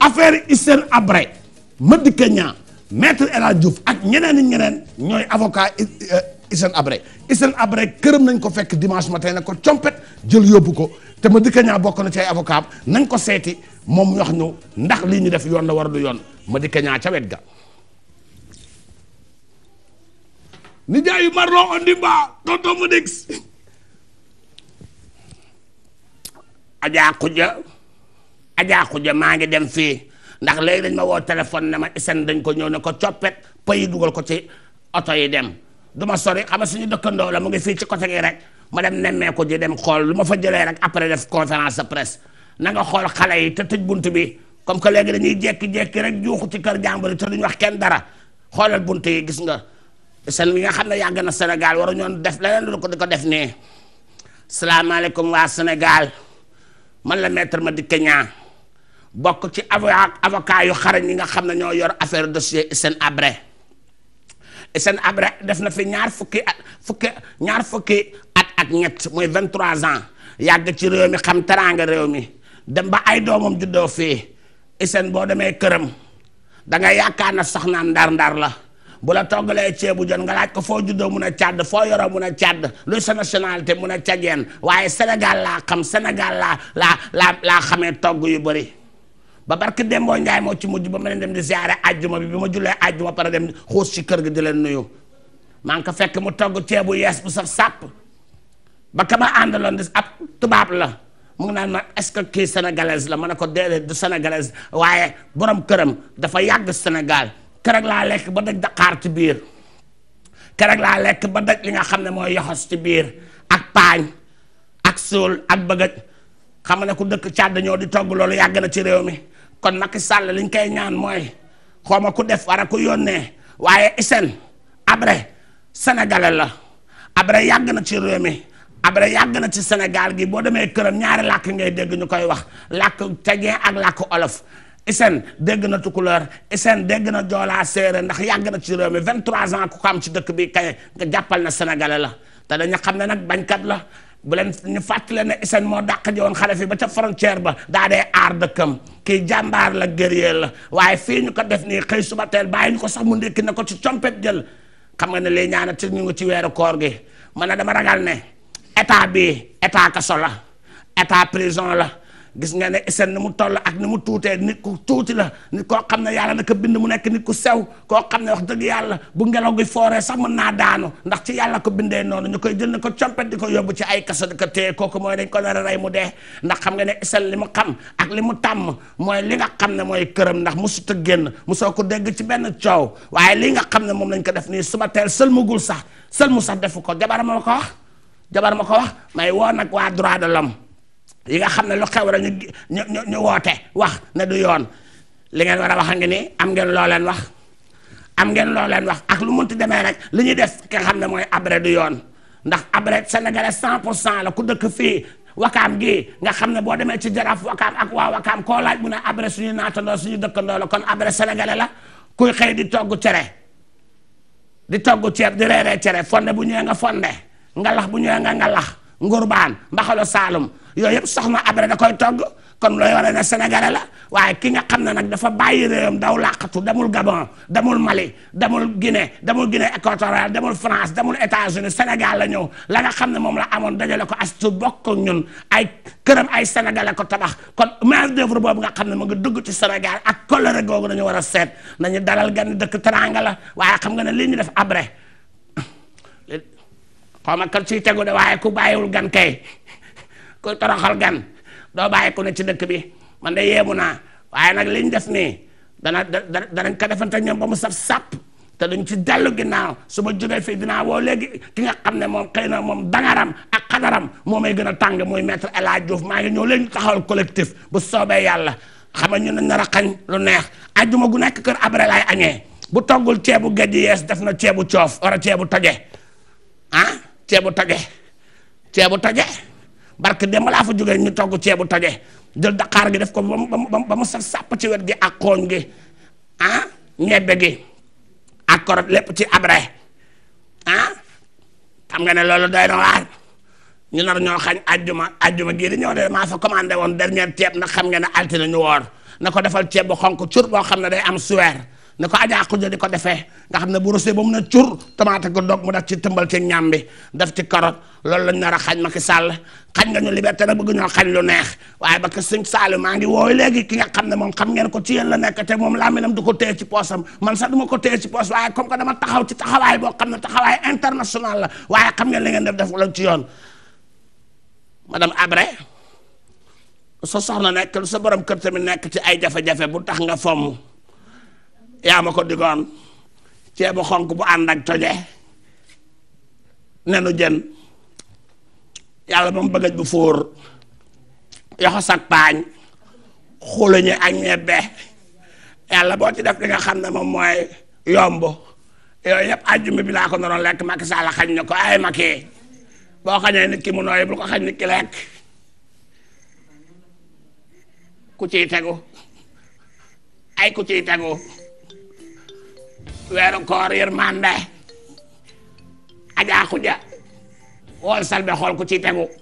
affaire Hissène Habré Madické Niang maître El Hadj Diouf ak ñeneen i ñeneen ñooy avocat eh, eh, Hissène Habré Hissène Habré këram nañ ko fekk dimanche matin na ko compet jël yóbbu ko te Madické Niang bokk na ci ay nañ ko seeti moom wax ñu ndax lii ñu def yoon la war du yoon Madické Niang ca wet ga nijaayu Marlon Ondimba tonton Modix Adja Koudia Adja Xuja maa ngi dem fii ndax léegi dañ ma woo téléphone ne ma isan dañ ko ñëw ne ko coppet payi dugal ko ci oto yi dem du ma sori xam nga suñu dëkkandoo la mu ngi fii ci côté gi rek ma dem nemmeeku ji dem xool lu ma fa jëlee rek après def conférence de presse na nga xool xale yi te tëj bunt bi comme que léegi dañuy jékki-jékki rek juuxu ci kër jàmbur te ñu wax kenn dara xoolal bunt yi gis nga isan mi nga xam ne yàgg na Sénégal waru ñoon def leneen lu ko di ko def nii salaamaaleykum waa Sénégal man la maître Madické Niang bokk ci avocat avocat yu xarañ yi nga xam ne ñoo yor affaire dossier Hissène Habré Hissène abre def na fi ñaar fukki at fukki ñaar fukki at ak ñett muy 23 ans yàgg ci réew mi xam teraanga réew mi dem ba ay doomam juddoo fii Hissène boo demee këram da nga yaakaar na soxnaam ndar-ndar la bu la toggalee ceebu jën nga laaj ko foo juddoo mun a càdd foo yoroo mun a càdd luy sa nationalité mun a càggeen waaye Sénégal laa xam senegal laa laa laa laa xamee togg yu bëri. ba barke Dembo Ndiaye moo ci mujj ba ma leen dem di ziare ajjuma bi bi ma jullee ajjuma pare dem xuus ci kër gi di leen nuyu maa ngi ko fekk mu togg ceebu yees bu saf sàpp ba ka ma àndaloon di ak tubaab la mu ngi naan ma est-ce que kii sénégalaise la ma ne ko déedéet du sénégalaise waaye borom këram dafa yàgg Sénégal keroog laa lekk ba daj daqaar ci biir keroog laa lekk ba daj li nga xam ne mooy yoxos ci biir ak paañ ak suul ak bëgëj xam ne ku dëkk Càdd ñoo di togg loolu yàgg na ci réew mi kon Macky Sall liñ koy ñaan mooy xaw ma ku def war a ku yónnee waaye Hissène Habré sénégalais la Habré yàgg na ci réew mi Habré yàgg na ci Sénégal gi boo demee këram ñaari làkk ngay dégg ñu koy wax làkk tegee ak làkk olof Hissène dégg na tukulóor Hissène dégg na joolaa séeréer ndax yàgg na ci me mi 23 ans ku ko am ci dëkk bi kaye nga jàppal na sénégalais la te dañu xam ne nag bañkat la bu leen ñu fàttale ne Hissène moo dàq ji woon xale fi ba ca frontière ba daa dee aar dëkkam kii jàmbaar la guerrier la waaye fii ñu ko def ni xëy suba teel bàyyi ñu ko sax mu ndékki na ko ci compet jël xam nga ne lii ñaana ci ñu ngi ci weeru koor gi man na dama ragal ne état bi état kaso la état prison la gis nga ne isen ni mu toll ak ni mu tuutee nit ku tuuti la nit koo xam ne yàlla naka bind mu nekk nit ku sew koo xam ne wax dëgg yàlla bu ngelaw gi fooree sax mën naa daanu ndax ci yàlla ko bindee noonu ñu koy jël ne ko compet di ko yóbbu ci ay kaso di ko téye kooku mooy dañ ko nar a rey mu dee ndax xam nga ne isen li mu xam ak li mu tàmm mooy li nga xam ne mooy këram ndax musut a génn musoo ko dégg ci benn coow waaye li nga xam ne moom lañ ko def nii suma teel sëlmugul sax mu sax defu ko jabar ma ko wax jabar ma ko wax may woo nag waa droit de l'homme yi nga xam ne lu xew rek ñu ñu ñu woote wax ne du yoon li ngeen war a wax a nii am ngeen loo leen wax am ngeen loo leen wax ak lu munti demee rek li ñuy def ki nga xam ne mooy abre du yoon ndax abré sénégalais 100 pour cent la ku dëkk fii wakaam gi nga xam ne boo demee ci jaraaf wakaam ak waa wakaam koo laaj mu ne abré suñu naatandoo ñu dëkkandoo la kon abre sénégalais la kuy xëy di togg cere di togg ceeb di reeree cere fonde bu ñëwee nga fonde ngalax bu ñëwee nga ngalax ngurbaan mbaxalu saalum yooyu yëpp soxna abre da koy togg kon looy wane ne sénégalais la waaye ki nga xam ne nag dafa bàyyi réewam daw làqatu damul Gabon demul Mali demul Guinée demul Guinée équatoriale demul France demul États-Unis Sénégal la ñëw la nga xam ne moom la amoon dajale ko as tu bokk ñun ay këram ay sénégalais ko tabax kon main d'œuvre boobu nga xam ne mu ngi dugg ci Sénégal ak colère googu nañu war a seet nañu dalal gan dëkk teranga la waaye xam nga ne li ñu def ma kan ciy tegu de bàyyiwul gan kuy toroxal gan doo bàyyi ku ne ci dëkk bi man de yeebu naa waaye nag liñ def nii dana danañ ko defante ñoom ba mu saf sàpp te duñ ci dellu ginnaaw su ma jógee fii dinaa woo léegi ki nga xam ne moom xëy na moom dangaram ak xadaram moom may gën a tàng muy maître El Hadj Diouf maa ngi ñëw léegi ñu taxawal collectif bu soobee yàlla xam na ñu ne nar a xañ lu neex ajjuma gu kër abre laay añee bu toggul ceebu géej yees def na ceebu coof a ceebu toje ah ceebu toje ceebu toje barke dem laa fa jógee ñu togg ceebu toje jël daqaar gi def ko ba mu ba mu saf sapp ci wet gi ak kooñ gi ah ñebbe gi ak korot lépp ci abre ah xam nga ne loolu doy na waar ñu nar ñoo xañ ajjuma ajjuma gii di ñëw de maa fa commandé woon dernier ceeb ndax xam nga ne altine ñu woor na ko defal ceeb bu xonk cur boo xam ne day am suweer ne ko ajaa xuja di ko defee nga xam ne bu rosé ba mu ne cur tomate ko dog mu def ci tëmbal ci ñam bi def ci carotte loolu lañ nar a xañ Macky Sall xañ nga ñu liberté nag bëgg ñoo xañ neex waaye ba ko sëñ Sall maa ngi wooyu léegi ki nga xam ne moom xam ngeen ko ci yéen la nekk te moom laaminam du ko téye ci poosam man sax du ma ko téye ci poos waaye comme que dama taxaw ci taxawaay boo xam ne taxawaay international la waaye xam ngeen li ngeen def def la ci yoon madame Abré soxna nekk lu sa borom kër tamit nekk ci ay jafe bu tax nga fomm yaa ma ko digoon ceebu xonk bu ànd ak toje nenu jën yàlla moom bëggaj bu fóor yoxo sak paañ xuluñi ak ñebbe yàlla boo ci def li nga xam ne moom mooy yomb yooyu yëpp àjjuma bi laa ko naroon lekk Macky Sall xañ na ko ay Macky boo xañee nit ki mu nooy bul ko xañ nit lekk ku ciy tegu ay ku ciy tegu weeru koor yërmande ajaa xuja wool salbe xool ku ci tegu